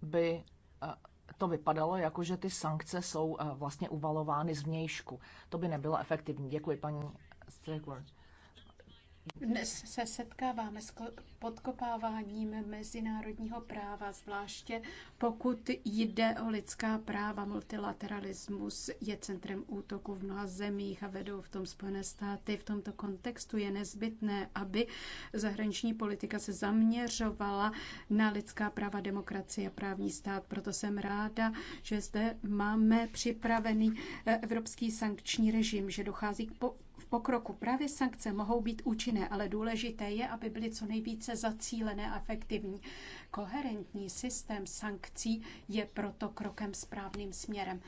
by eh, to vypadalo jako, že ty sankce jsou eh, vlastně uvalovány z vnějšku. To by nebylo efektivní. Děkuji, paní Strickland. Dnes se setkáváme s podkopáváním mezinárodního práva, zvláště pokud jde o lidská práva. Multilateralismus je centrem útoku v mnoha zemích a vedou v tom Spojené státy. V tomto kontextu je nezbytné, aby zahraniční politika se zaměřovala na lidská práva, demokracie a právní stát. Proto jsem ráda, že zde máme připravený eh, evropský sankční režim, že dochází k po v pokroku. Právě sankce mohou být účinné, ale důležité je, aby byly co nejvíce zacílené a efektivní. Koherentní systém sankcí je proto krokem správným směrem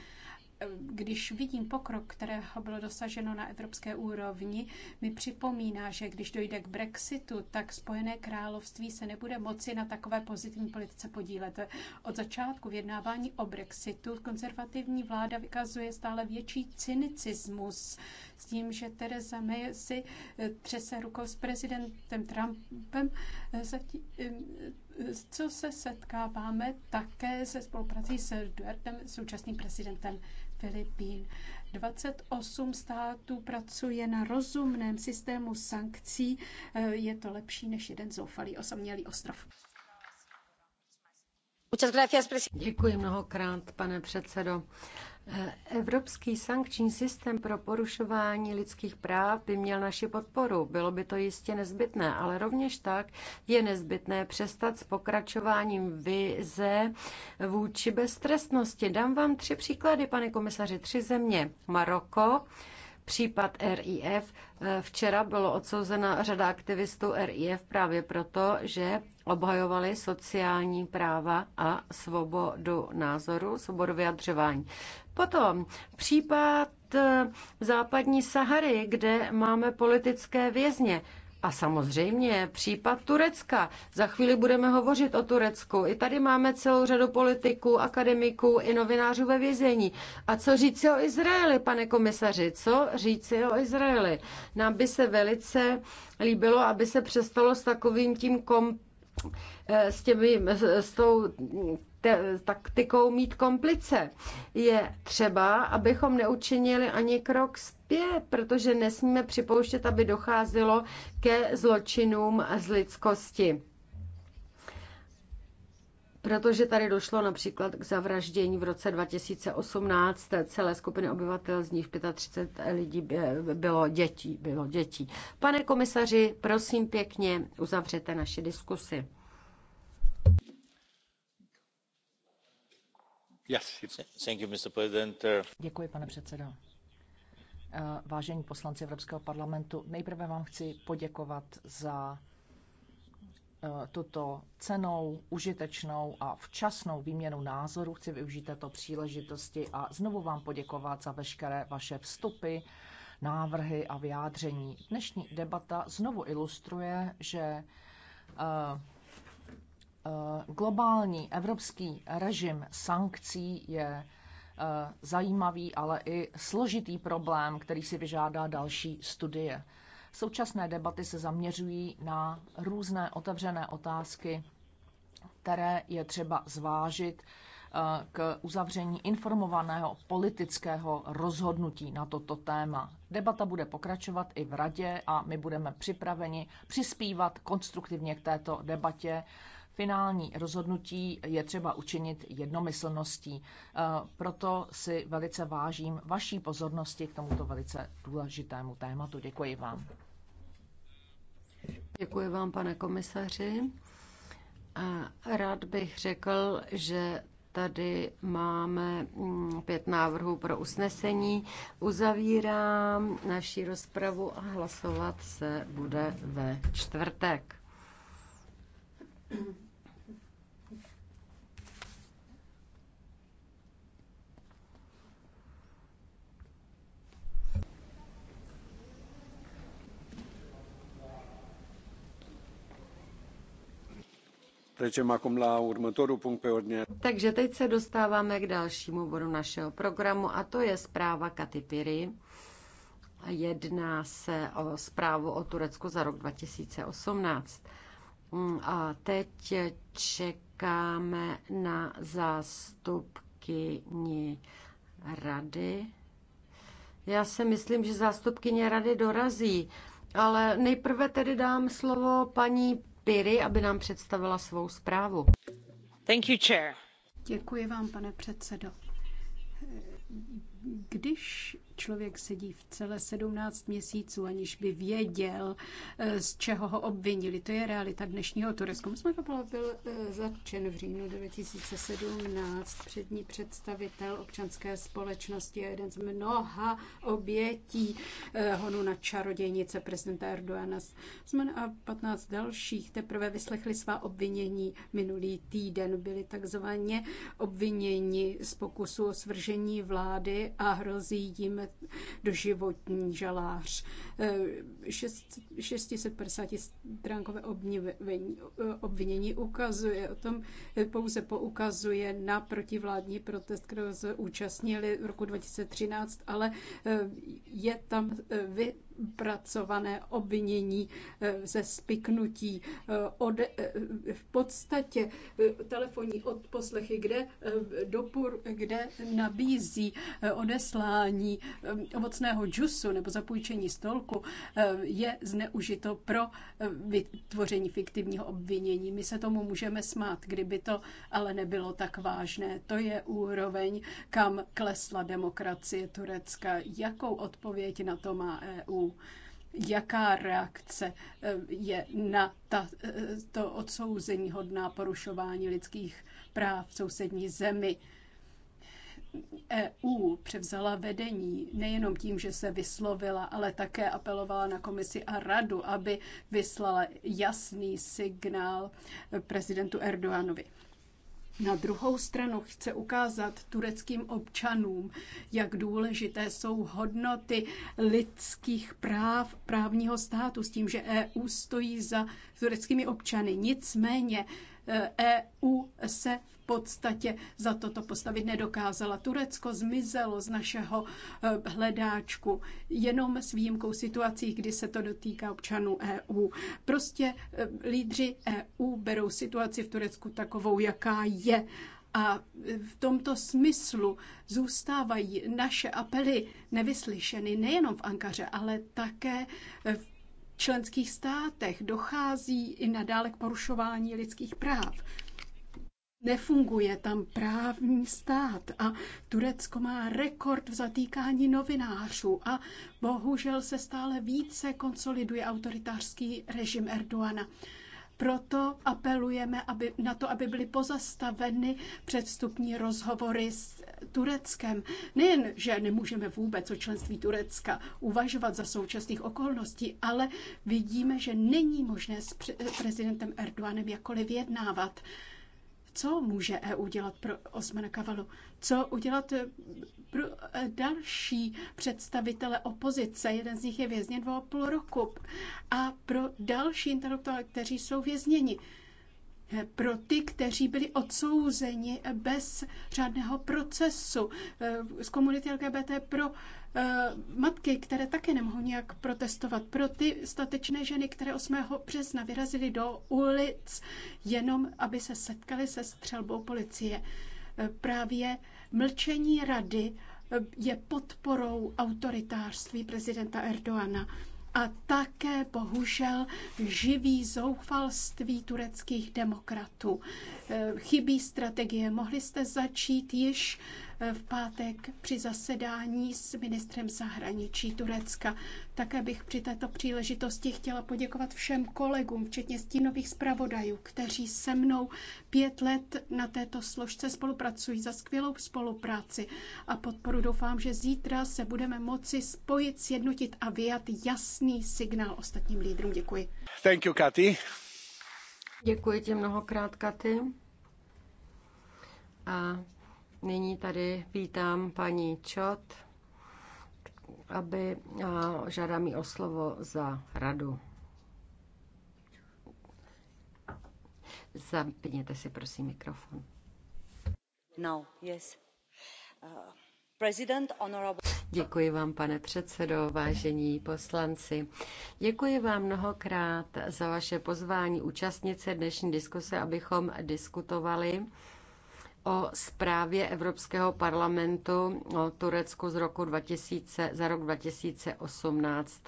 když vidím pokrok, kterého bylo dosaženo na evropské úrovni, mi připomíná, že když dojde k Brexitu, tak Spojené království se nebude moci na takové pozitivní politice podílet. Od začátku vyjednávání o Brexitu konzervativní vláda vykazuje stále větší cynicismus s tím, že Theresa May si eh, třese rukou s prezidentem Trumpem, eh, eh, co se setkáváme také se spoluprací s Duertem, současným prezidentem Filipín. 28 států pracuje na rozumném systému sankcí. Je to lepší než jeden zoufalý osamělý ostrov. Děkuji mnohokrát, pane předsedo. Evropský sankční systém pro porušování lidských práv by měl naši podporu. Bylo by to jistě nezbytné, ale rovněž tak je nezbytné přestat s pokračováním vize vůči beztrestnosti. Dám vám tři příklady, pane komisaři, tři země. Maroko, Případ RIF. Eh, včera bylo odsouzena řada aktivistů RIF právě proto, že obhajovali sociální práva a svobodu názoru, svobodu vyjadřování. Potom případ eh, západní Sahary, kde máme politické vězně. A samozřejmě případ Turecka. Za chvíli budeme hovořit o Turecku. I tady máme celou řadu politiků, akademiků i novinářů ve vězení. A co říci o Izraeli, pane komisaři? Co říci o Izraeli? Nám by se velice líbilo, aby se přestalo s takovým tím kom eh, s, těmi, s tou te, taktikou mít komplice. Je třeba, abychom neučinili ani krok zpět, protože nesmíme připouštět, aby docházelo ke zločinům z lidskosti. Protože tady došlo například k zavraždění v roce 2018 celé skupiny obyvatel, z nich 35 lidí bylo dětí. Bylo dětí. Pane komisaři, prosím pěkně, uzavřete naši diskusi. Uh, Děkuji, pane předsedající. Uh, vážení poslanci Evropského parlamentu, nejprve vám chci poděkovat za uh, tuto cenou, užitečnou a včasnou výměnu názorů. Chci využít této příležitosti a znovu vám poděkovat za veškeré vaše vstupy, návrhy a vyjádření. Dnešní debata znovu ilustruje, že Eh, globální evropský režim sankcí je eh, zajímavý, ale i složitý problém, který si vyžádá další studie. Současné debaty se zaměřují na různé otevřené otázky, které je třeba zvážit eh, k uzavření informovaného politického rozhodnutí na toto téma. Debata bude pokračovat i v Radě a my budeme připraveni přispívat konstruktivně k této debatě Finální rozhodnutí je třeba učinit jednomyslností. Eh, proto si velice vážím vaší pozornosti k tomuto velice důležitému tématu. Děkuji vám. Děkuji vám, pane komisaři. Rád bych řekl, že tady máme mm, pět návrhů pro usnesení. Uzavírám naši rozpravu a hlasovat se bude ve čtvrtek. Takže teď se dostáváme k dalšímu bodu našeho programu a to je zpráva Katy Jedná se o zprávu o Turecku za rok 2018. Mm, a teď čekáme na zástupkyni rady. Já si myslím, že zástupkyně rady dorazí, ale nejprve tedy dám slovo paní Piri, aby nám představila svou zprávu. Děkuji vám, pane předsedo když člověk sedí v celé 17 měsíců, aniž by věděl, eh, z čeho ho obvinili, to je realita dnešního Turecka. Musmedopolo byl eh, zatčen v říjnu 2017 přední představitel občanské společnosti a jeden z mnoha obětí eh, honu na čarodějnice prezidenta Erdoana. Jsme a 15 dalších teprve vyslechli svá obvinění minulý týden. Byli takzvaně obviněni z pokusu o svržení vlády a hrozí jim doživotní žalář. 650 eh, stránkové eh, obvinění ukazuje o tom, eh, pouze poukazuje na protivládní protest, kterou se účastnili v roku 2013, ale je tam vy vypracované obvinění eh, ze spiknutí. Eh, od, eh, v podstatě telefonní odposlechy, kde, dopur, kde nabízí odeslání ovocného džusu nebo zapůjčení stolku, je zneužito pro vytvoření fiktivního obvinění. My se tomu můžeme smát, kdyby to ale nebylo tak vážné. To je úroveň, kam klesla demokracie Turecka. Jakou odpověď na to má EU? Jaká reakce eh, je na ta, eh, to odsouzení hodná porušování lidských práv v sousední zemi? EU převzala vedení nejenom tím, že se vyslovila, ale také apelovala na komisi a radu, aby vyslala jasný signál prezidentu Erdoganovi. Na druhou stranu chce ukázat tureckým občanům, jak důležité jsou hodnoty lidských práv, právního státu, s tím, že EU stojí za tureckými občany. Nicméně EU e se v podstatě za toto postavit nedokázala. Turecko zmizelo z našeho e, hledáčku jenom s výjimkou situací, kdy se to dotýká občanů EU. Prostě e, lídři EU berou situaci v Turecku takovou, jaká je. A v tomto smyslu zůstávají naše apely nevyslyšeny nejenom v Ankaře, ale také v členských státech dochází i nadále k porušování lidských práv. Nefunguje tam právní stát a Turecko má rekord v zatýkání novinářů a bohužel se stále více konsoliduje autoritářský režim Erdoana. Proto apelujeme aby, na to, aby byly pozastaveny předstupní rozhovory s Tureckem. Nejen, že nemůžeme vůbec o členství Turecka uvažovat za současných okolností, ale vidíme, že není možné s prezidentem Erdoganem jakkoliv vyjednávat. Co může EU dělat pro Osmana Kavalu? Co udělat pro eh, další představitele opozice? Jeden z nich je vězněn dva a půl roku. A pro další intelektuály, kteří jsou vězněni eh, pro ty, kteří byli odsouzeni bez řádného procesu eh, z komunity LGBT, pro Eh, matky, které také nemohou nějak protestovat, pro ty statečné ženy, které 8. března vyrazily do ulic, jenom aby se setkali se střelbou policie. Eh, právě mlčení rady eh, je podporou autoritářství prezidenta Erdoana a také bohužel živý zoufalství tureckých demokratů. Chybí strategie. Mohli jste začít již v pátek při zasedání s ministrem zahraničí Turecka. Také bych při této příležitosti chtěla poděkovat všem kolegům, včetně stínových zpravodajů, kteří se mnou pět let na této složce spolupracují za skvělou spolupráci a podporu. Doufám, že zítra se budeme moci spojit, sjednotit a vyjat jasný signál ostatním lídrům. Děkuji. Thank you, Katy. Děkuji ti mnohokrát, Katy. A Nyní tady vítám paní Čot, aby žádá mi o slovo za radu. Zapněte si prosím mikrofon. No, yes. Uh, president, honorable... Děkuji vám, pane předsedo, vážení poslanci. Děkuji vám mnohokrát za vaše pozvání účastnice dnešní diskuse, abychom diskutovali o zprávě Evropského parlamentu o Turecku z roku 2000, za rok 2018.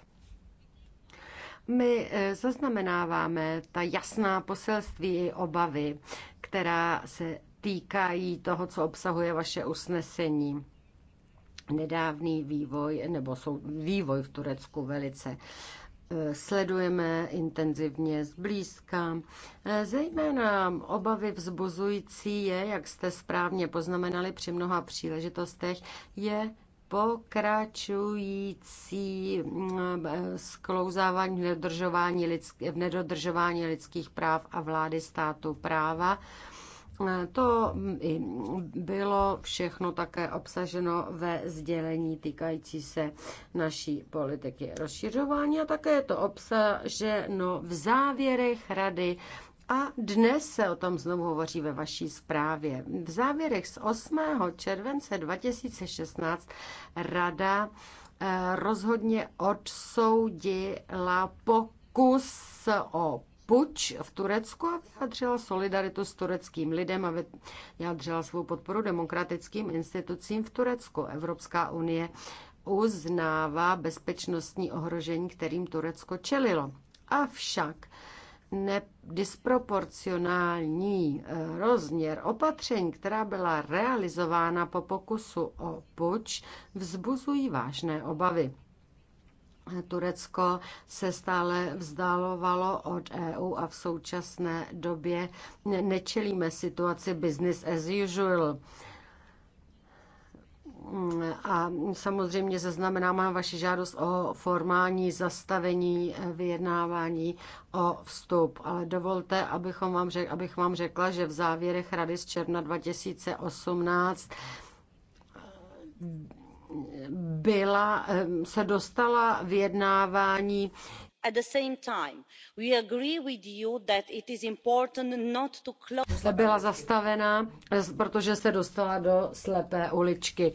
My eh, zaznamenáváme ta jasná poselství i obavy, která se týkají toho, co obsahuje vaše usnesení. Nedávný vývoj nebo jsou vývoj v Turecku velice Eh, sledujeme intenzivně zblízka. Eh, zejména obavy vzbuzující je, jak jste správně poznamenali při mnoha příležitostech, je pokračující mm, eh, sklouzávání v nedodržování lidských práv a vlády státu práva to bylo všechno také obsaženo ve sdělení týkající se naší politiky rozšiřování a také je to obsaženo v závěrech Rady a dnes se o tom znovu hovoří ve vaší zprávě. V závěrech z 8. července 2016 Rada eh, rozhodně odsoudila pokus o puč v Turecku a vyjádřila solidaritu s tureckým lidem a vyjádřila svou podporu demokratickým institucím v Turecku. Evropská unie uznává bezpečnostní ohrožení, kterým Turecko čelilo. Avšak ne, disproporcionální eh, rozměr opatření, která byla realizována po pokusu o puč, vzbuzují vážné obavy. Turecko se stále vzdálovalo od EU a v současné době nečelíme situaci business as usual. A samozřejmě zaznamenám vaši žádost o formální zastavení vyjednávání o vstup. Ale dovolte, abychom vám řek, abych vám řekla, že v závěrech Rady z června 2018 byla, se dostala vyjednávání at the same time we agree with you that it is important not to close. byla zastavena protože se dostala do slepé uličky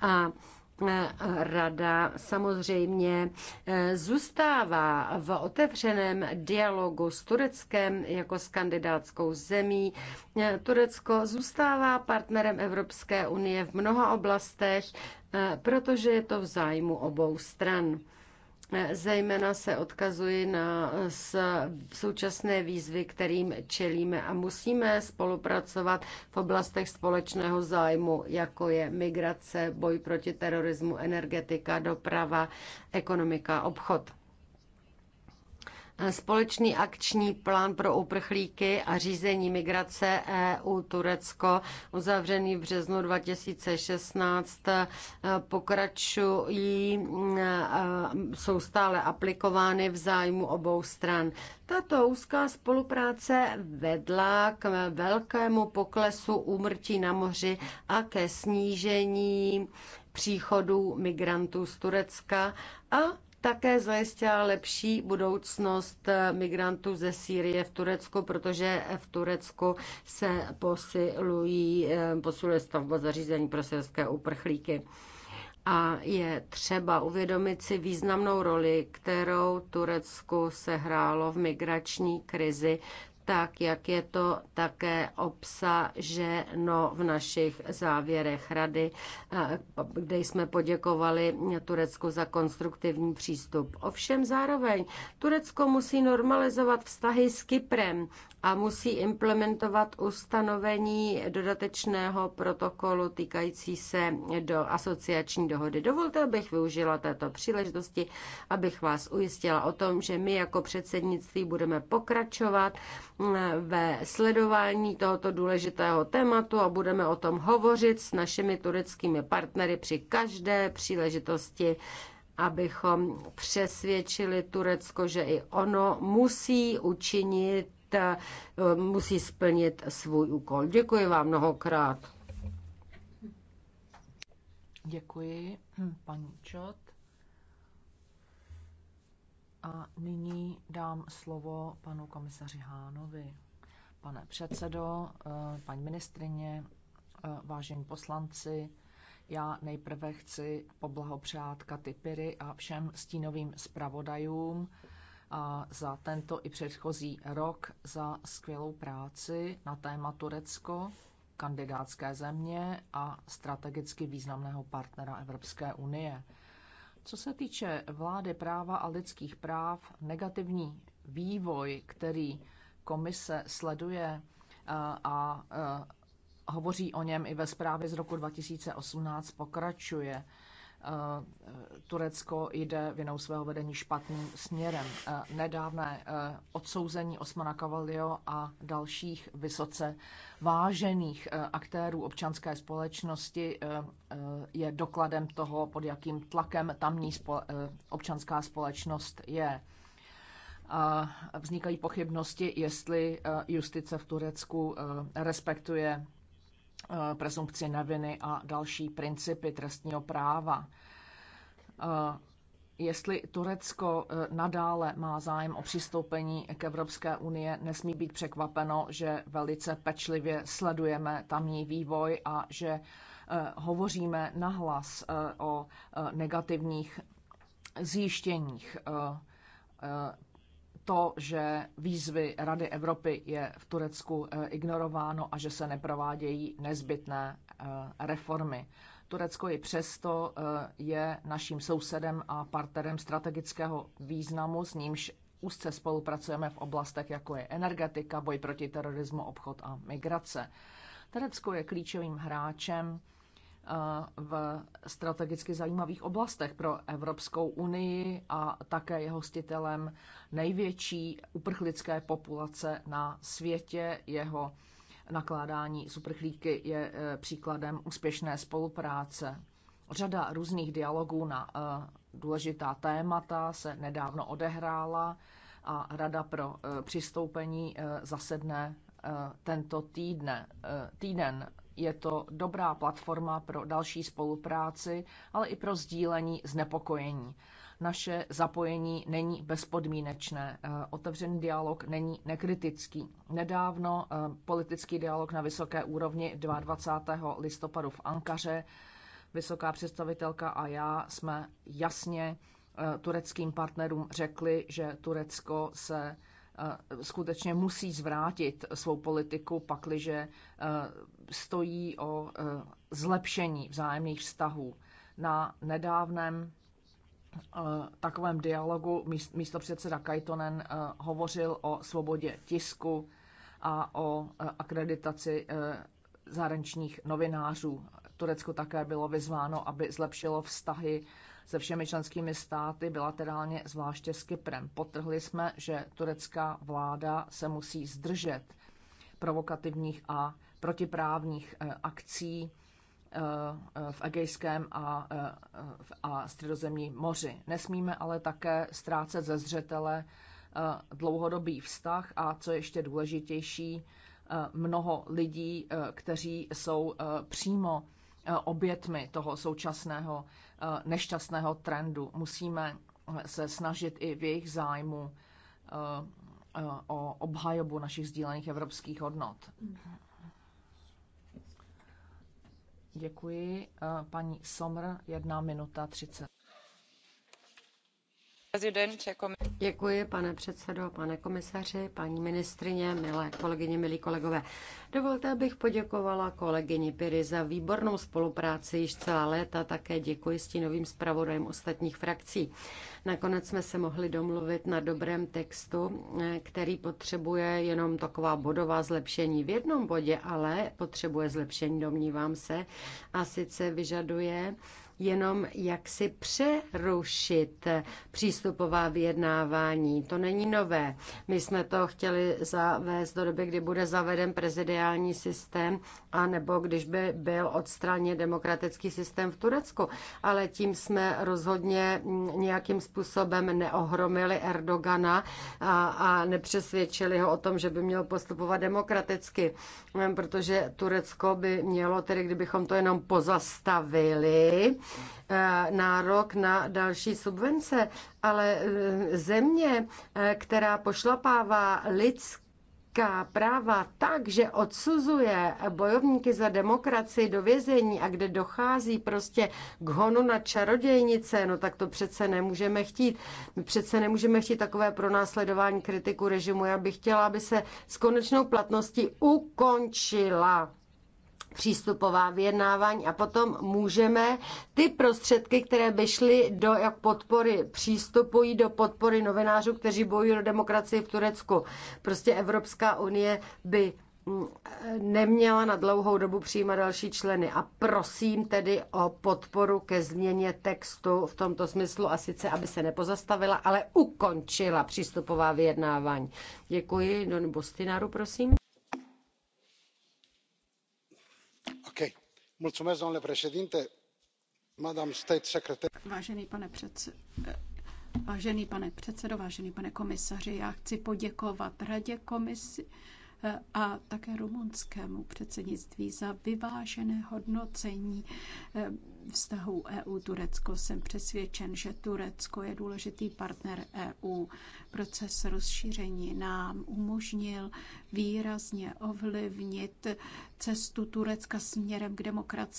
a Eh, Rada samozřejmě eh, zůstává v otevřeném dialogu s Tureckem jako s kandidátskou zemí. Eh, Turecko zůstává partnerem Evropské unie v mnoha oblastech, protože je to v zájmu obou stran. Zejména se odkazuji na současné výzvy, kterým čelíme a musíme spolupracovat v oblastech společného zájmu, jako je migrace, boj proti terorismu, energetika, doprava, ekonomika, obchod. Eh, společný akční plán pro uprchlíky a řízení migrace EU Turecko, uzavřený v březnu 2016, eh, pokračují, mm, eh, jsou stále aplikovány v zájmu obou stran. Tato úzká spolupráce vedla k velkému poklesu úmrtí na moři a ke snížení příchodů migrantů z Turecka a také zajistila lepší budoucnost eh, migrantů ze Sýrie v Turecku, protože v Turecku se posilují, eh, posiluje stavba zařízení pro syrské uprchlíky. A je třeba uvědomit si významnou roli, kterou Turecku sehrálo v migrační krizi tak jak je to také obsaženo v našich závěrech rady, kde jsme poděkovali Turecku za konstruktivní přístup. Ovšem zároveň Turecko musí normalizovat vztahy s Kyprem a musí implementovat ustanovení dodatečného protokolu týkající se do asociační dohody. Dovolte, abych využila této příležitosti, abych vás ujistila o tom, že my jako předsednictví budeme pokračovat ve sledování tohoto důležitého tématu a budeme o tom hovořit s našimi tureckými partnery při každé příležitosti, abychom přesvědčili Turecko, že i ono musí učinit, eh, musí splnit svůj úkol. Děkuji vám mnohokrát. Děkuji, paní Čot. A nyní dám slovo panu komisaři Hánovi. Pane předsedo, eh, paní ministrině, eh, vážení poslanci, já nejprve chci poblahopřát Katy Piry a všem stínovým zpravodajům a za tento i předchozí rok za skvělou práci na téma Turecko, kandidátské země a strategicky významného partnera Evropské unie. Co se týče vlády práva a lidských práv, negativní vývoj, který komise sleduje eh, a eh, hovoří o něm i ve zprávě z roku 2018, pokračuje. E, Turecko jde vinou svého vedení špatným směrem. E, nedávné e, odsouzení Osmana Kavalio a dalších vysoce vážených aktérů občanské společnosti je dokladem toho, pod jakým tlakem tamní občanská společnost je. Vznikají pochybnosti, jestli justice v Turecku respektuje Eh, prezumpci neviny a další principy trestního práva. Eh, jestli Turecko eh, nadále má zájem o přistoupení k Evropské unie, nesmí být překvapeno, že velice pečlivě sledujeme tamní vývoj a že hovoříme nahlas o negativních zjištěních to, že výzvy Rady Evropy je v Turecku eh, ignorováno a že se neprovádějí nezbytné eh, reformy. Turecko i přesto eh, je naším sousedem a partnerem strategického významu, s nímž úzce spolupracujeme v oblastech, jako je energetika, boj proti terorismu, obchod a migrace. Turecko je klíčovým hráčem v strategicky zajímavých oblastech pro Evropskou unii a také je hostitelem největší uprchlické populace na světě. Jeho nakládání s uprchlíky je eh, příkladem úspěšné spolupráce. Řada různých dialogů na eh, důležitá témata se nedávno odehrála a Rada pro eh, přistoupení zasedne tento týdne, týden je to dobrá platforma pro další spolupráci, ale i pro sdílení znepokojení. Naše zapojení není bezpodmínečné. Eh, otevřený dialog není nekritický. Nedávno eh, politický dialog na vysoké úrovni 22. listopadu v Ankaře vysoká představitelka a já jsme jasně eh, tureckým partnerům řekli, že Turecko se Eh, skutečně musí zvrátit svou politiku, pakliže eh, stojí o eh, zlepšení vzájemných vztahů. Na nedávném takovém dialogu místo předseda Kajtonen hovořil o svobodě tisku a o akreditaci zahraničních novinářů. Turecko také bylo vyzváno, aby zlepšilo vztahy se všemi členskými státy, bilaterálně zvláště s Kyprem. Potrhli jsme, že turecká vláda se musí zdržet provokativních a protiprávních eh, akcí eh, v Egejském a, eh, a Středozemní moři. Nesmíme ale také ztrácet ze zřetele dlouhodobý vztah a, co ještě důležitější, mnoho lidí, kteří jsou přímo Eh, obětmi toho současného eh, nešťastného trendu. Musíme eh, se snažit i v jejich zájmu o obhajobu našich sdílených evropských hodnot. Děkuji. Paní Somr, jedna minuta třicet. Prezident, jako Děkuji, pane předsedo, pane komisaři, paní ministrině, milé kolegyně, milí kolegové. Dovolte, abych poděkovala kolegyni Piry za výbornou spolupráci již celá léta. Také děkuji stínovým zpravodajem ostatních frakcí. Nakonec jsme se mohli domluvit na dobrém textu, který potřebuje jenom taková bodová zlepšení v jednom bodě, ale potřebuje zlepšení, domnívám se, a sice vyžaduje jenom jak si přerušit přístupová vyjednávání. To není nové. My jsme to chtěli zavést do doby, kdy bude zaveden prezidiální systém, anebo když by byl odstraněn demokratický systém v Turecku. Ale tím jsme rozhodně nějakým způsobem neohromili Erdogana a, a nepřesvědčili ho o tom, že by měl postupovat demokraticky, protože Turecko by mělo, tedy kdybychom to jenom pozastavili, Eh, nárok na další subvence, ale eh, země, eh, která pošlapává lidské lidská práva tak, že odsuzuje bojovníky za demokracii do vězení a kde dochází prostě k honu na čarodějnice, no tak to přece nemůžeme chtít. My přece nemůžeme chtít takové pronásledování kritiku režimu. Já bych chtěla, aby se s konečnou platností ukončila přístupová vyjednávání a potom můžeme ty prostředky, které by šly do jak podpory přístupu, jít do podpory novinářů, kteří bojují o demokracii v Turecku. Prostě Evropská unie by mm, neměla na dlouhou dobu přijímat další členy. A prosím tedy o podporu ke změně textu v tomto smyslu a sice, aby se nepozastavila, ale ukončila přístupová vyjednávání. Děkuji, Don Bostinaru, prosím. domnule președinte vážený pane předsedo vážený pane předsedo vážený pane komisaři já chci poděkovat radě komisi a také rumunskému předsednictví za vyvážené hodnocení eh, vztahu EU-Turecko. Jsem přesvědčen, že Turecko je důležitý partner EU. Proces rozšíření nám umožnil výrazně ovlivnit cestu Turecka směrem k demokracii